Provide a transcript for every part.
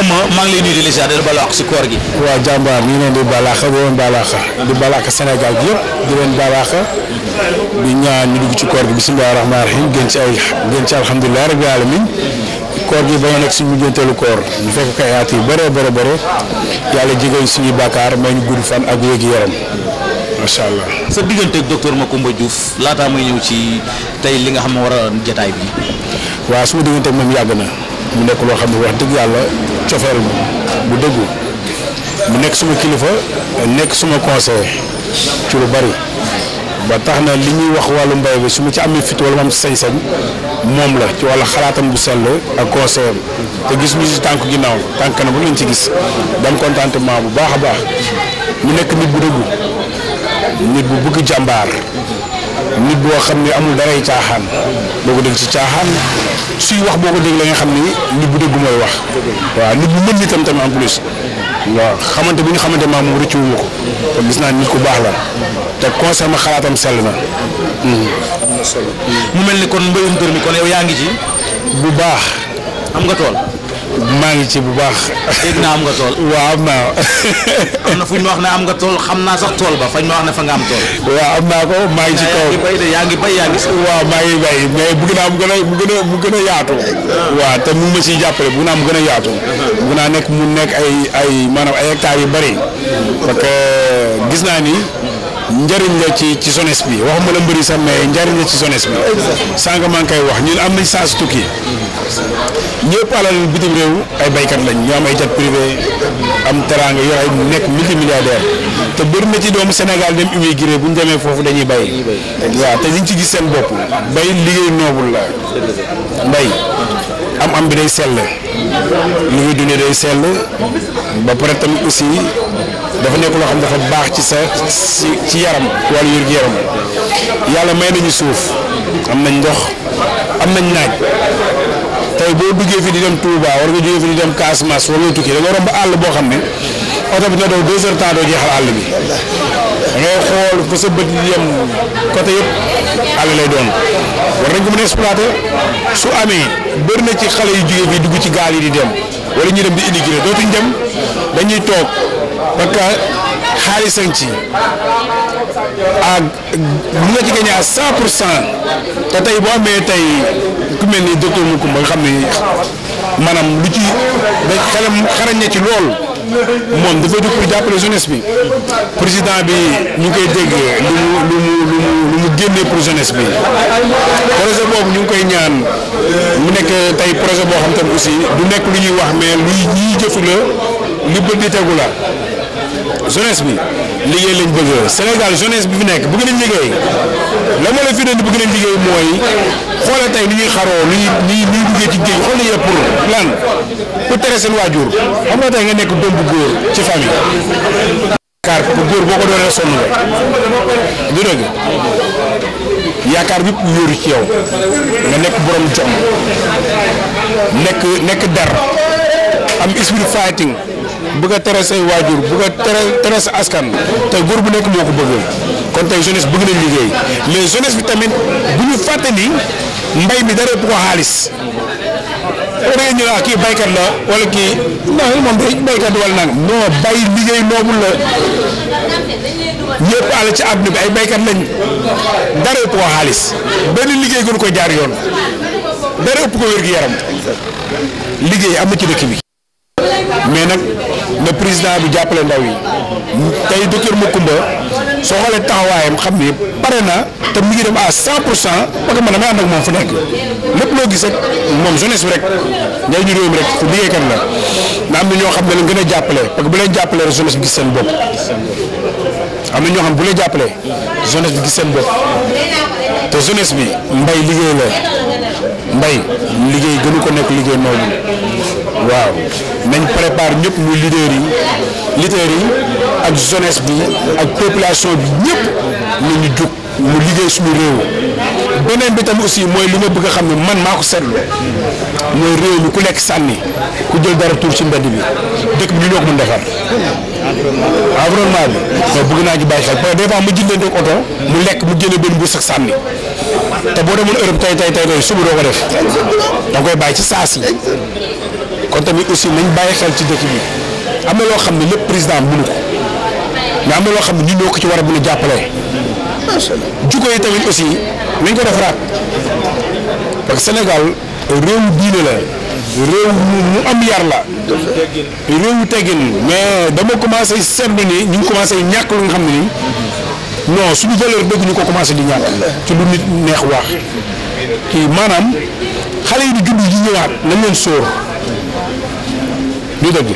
ëmma maa ngi lay nuyu di la balaax si koor gi. waa jàmbaar ñu ngi leen di balaax di leen balaax di balaax Sénégal bi balaax di ñaan ñu dugg ci koor gi bisimilah rahmaani rahiim gën ci ay gën koor gi ba nga nekk suñu mujjanteelu ko ay at yu bëree bëri bëri yàlla jégal suñuy bàkkaar may ñu gudd fan ak yéegi yaram macha allah. sa digganteeg docteur Macoumba Diouf laataa may ñëw ci tey li nga xam ne war a jataay bi. waaw suma digganteeg moom yàgg na. mu nekk loo xam ne wax dëgg yàlla cofeel bu dëggu mu nekk suma kilifa nekk suma conseil ci lu bari ba tax na li ñuy wax wàllu mbay bi su ma ci amee fit wala ma am sañ-sañ moom la ci wàllu xalaatam bu sell ak conseil te gis ñu si tànk ginnaaw tànk na bu lañ ci gis dam contentement bu baax a baax mu nekk nit bu dëggu nit bu bugg jàmbaar nit boo xam ne amul daray caaxaan boo ko dégg ci caaxaan suy wax boo ko dégg la nga xam ni nit bu déggu mooy wax waaw nit bu mën ni tam tamit en plus waaw xamante bu ñu xamante maam moom rëccu wu ma ko kon gis naa nit ku baax la te concerne xalaatam sell na hmm. mu mel ni kon mbéyum dër ni kon yow yaa ngi ci bu baax am nga tool maa ngi ci bu baax. dégg naa am nga tool. waa am naa. na fu wax ne am nga tool xam naa sax tool ba fañ ma wax ne fa nga am tool. waaw am naa ko maa ngi ci kaw. yaa ngi bay yaa ngi bay waaw maa ngi bay mais bugg naa mu gën a mu gën a mu yaatu. waaw te mu ma ciy jàppale bëgg naa mu gën a yaatu. bëgg naa nekk mu nekk ay ay maanaam ay hectares yu bëri. gis naa ni. njëriñ la ci ci jeunesse bi waxuma la mbëri sax mais njëriñ la ci jeunesse bi. sànq maa ngi koy wax ñun am nañ chance tukki ñëpp alal bitim réew ay baykat lañu ñu am ay jet privé am teraanga yor ay nekk multimilliardaire te bëri ma ci doomu Sénégal dem immigré bu ñu demee foofu dañuy bay. waaw te liñ ci gis seen bopp bay liggéey noobul la mbay am am bi day sell li nga dundee day sell ba pare tamit aussi. dafa nekk loo xam dafa baax ci sa ci yaram wàllu yër gi yaram yàlla may nañu suuf am nañ ndox am nañ naaj tey boo duggee fi di dem Touba war nga jógee fi di dem Casamance wala tukki da nga romb àll boo xam ne oto bi na daw deux heures temps doo bi da ngay xool fa sa bët yi yem côté yëpp àll lay doon war nañ ko mën a su amee bëri na ci xale yi jógee bi dugg ci gaal yi di dem wala ñu dem di immigré dootuñ dem dañuy toog. parce que xaalis a ngi ci ah mun nga ci gagné à 100 pour cent te tey boo amee tey ku mel ni docteur Macoumba nga xam ne maanaam lu ci da xelam xarañ na ci lool moom dafa jóg pour jàppale jeunesse bi président bi ñu ngi koy dégg lu mu lu mu lu mu lu mu génnee pour jeunesse bi projet boobu ñu ngi koy ñaan mu nekk tey projet boo xam tam aussi du nekk lu ñuy wax mais luy ñuy jëfu la li bët di tegu la. jeunesse bi liggéey lañ bëgg Sénégal jeunesse bi fi nekk bëgg nañ liggéey la ma la fi doon bëgg nañ liggéey mooy xoolal tey ni ñuy xaroo ni ñuy ni ñuy duggee ci géej xool nañu pour lan pour tere seen waajur xam nga tey nga nekk doom bu góor ci famille. yaakaar bu góor boo ko doonee sonn nga du dëgg yaakaar bi ci yow nga nekk borom jom nekk nekk dar am esprit fighting bëgg a tere say waajur bëgg a tere askan te góor bu nekk moo ko bëgg kon tey jeunesse bëgg nañ liggéey mais jeunesse bi tamit bu ñu fàtte ni mbay mi dara bu ko xaalis. au la wala kii non moom day baykat wala nag non bay liggéey noobul la ñëpp àll ci àdduna ay baykat lañ dara ëpp ko xaalis liggéey gënu ko jaar yoon dara ëpp ko wér-gu-yaram liggéey am na ci dëkk bi. mais nag le président bi jàppale ndaw yi tey docteur Macoumba soo xoolee taxawaayam xam ni pare na te mu ngi dem à 100 pour cent parce que ànd ak moom fu nekk lépp loo gis rek moom jeunesse bi rek ñooy ñu réew mi rek fu liggéeykat la mais am na ñoo xam ne lañ gën a jàppale parce que bu leen jàppalee rek jeunesse bi gis seen bopp am na ñoo xam bu leen jàppale jeunesse bi gis seen bopp te jeunesse bi mbay liggéey la mbay liggéey gënu ko nekk liggéey noonu. waaw nañ prépare ñëpp muy leader yi leader yi ak jeunesse bi ak population bi ñëpp nañu jug mu liggéey suñu réew beneen bi tam aussi mooy li ma bëgg a xam ne man maa ko seetlu mooy réew mi ku nekk sànni ku jël dara tuur ci mbedd bi dëkk bi ñu ñoo ko mën defar environnement bi mais bëgg naa ji bàyyi xel parce que des fois mu jëndee ak oto mu lekk mu génne benn bu sax sànni te boo demoon Europe tey tey tey tey suba doo ko def da koy bàyyi ci saa si kon tamit aussi nañ bàyyi xel ci dëkk bi am na loo xam ne lépp président mënu am na loo xam ne ñun ñoo ko ci war a mën jàppale. macha allah tamit aussi nañ ko defaraat parce que Sénégal réewu diine la réew mu am yar la réewu teggin mais dama commencé seetlu ni ñu commencé ñàkk lu nga xam ne nii non suñu valeur dëgg ñu ko commencé di ñàkk ci lu nit neex waax kii maanaam xale yi nu juddu yi ñëwaat nañ leen sóor. du dëgg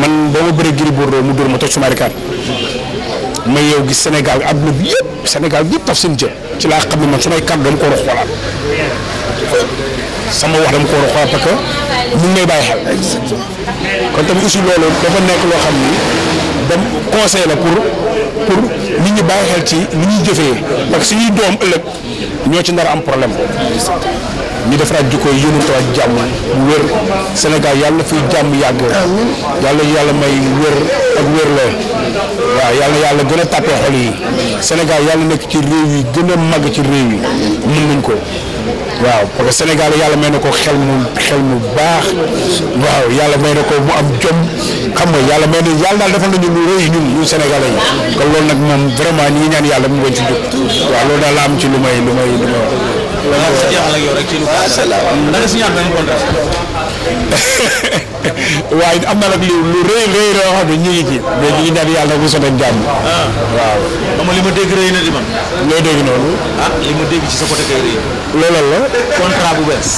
man ba ma bëree Gris Bordeaux mu dóor ma toj suma rikaat ma yow gis Sénégal àdduna bi yëpp Sénégal yëpp taf seen jë ci laa xam ne man sumay kàddu dama ko war xoolaat sama wax dama ko war a xoolaat parce que mu ngi may xel kon tamit aussi loolu dafa nekk loo xam ni dem conseil la pour pour bàyyi xel ci ni ñuy jëfee parce que suñuy doom ëllëg ñoo ci nar am problème ñu defaraat jikko yi yéen a jàmm wér Sénégal yàlla fi jàmm yàgg yàlla yàlla may wér ak wér la. waaw yal na yàlla gën a tàppe xol yi Sénégal yàlla nekk ci réew yi gën a màgg ci réew yi mën nañ ko waaw parce que Sénégal yàlla may na ko xel mu xel mu baax waaw yàlla may na ko mu am jom xam nga yàlla may na yàlla daal defal nañu lu rëy ñun ñu yi kon nag moom vraiment ñi ngi ñaan yàlla mu bañ ci jóg waaw am ci lu may waaye am na nag lu lu rëy rëy loo xam ne ñu ngi ci mais ñu ngi ñaan yàlla bu sot ak ah. waaw. li ma dégg rëy na di man. loo dégg noonu. ah li ma dégg ci sa côté kay rëy. loolu la. contrat bu bees.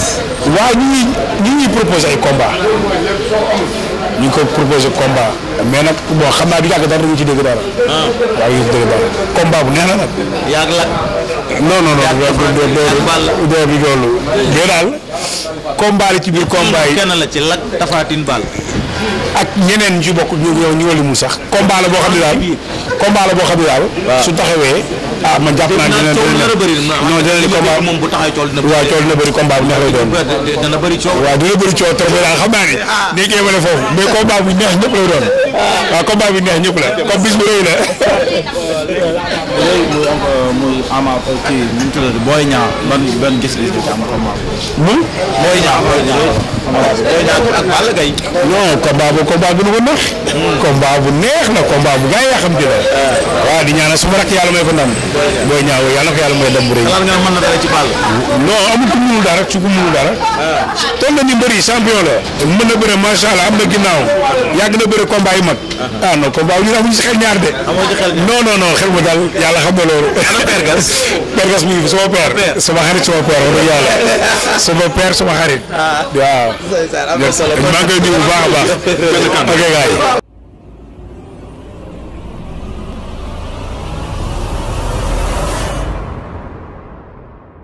waaw ñu ngi ñu ngi proposé ay combat ñu ngi ko proposé combat mais nag bon xam naa du yàgg dara ñu ci dégg dara. Ah. waaw bu neex na nag. yàgg la. non non non doo bi loolu. mais daal combat li ci biir combat yi kenn la ci lak tafaatin bal ak ñeneen ñu ci bokk ñu ñu wëli mu sax combat la boo xam ne daal combat la boo xam ne daal su taxawee ah man jàpp naa ne dina bëri non dina ni combat moom bu taxay coow dina bëri waaw coow dina bëri combat neex lay doon dina bëri coow waaw dina bëri coow trop daal xam naa ni dañ koy neex ñëpp lay ah. neex ñëpp la euh, ama ci ñu tuddee booy ñaar ban ban gis-gis bi am neex combat bu hmm. gaay yaa xam dina ah. waaw di ñaanal suma rakk yàlla may Boy Niang yàlla na ko yàlla mooy dem bu rëy. xalaat nga mën na dara ci Balla. non amul ku munul na ni mbër yi champion la. mën na bëre macha allah am na ginnaaw yàgg na bëre combat mag. ah non combat yu ñu si xel ñaar de. amoo ci xel xel ma daal yàlla xam nga loolu. ana Pergas. Pergas mi ngi fi sama père. sama xarit sama père wax dëgg yàlla sama père sama xarit. Ah. waaw. am maa ngi koy nuyu baax a baax. ok yi.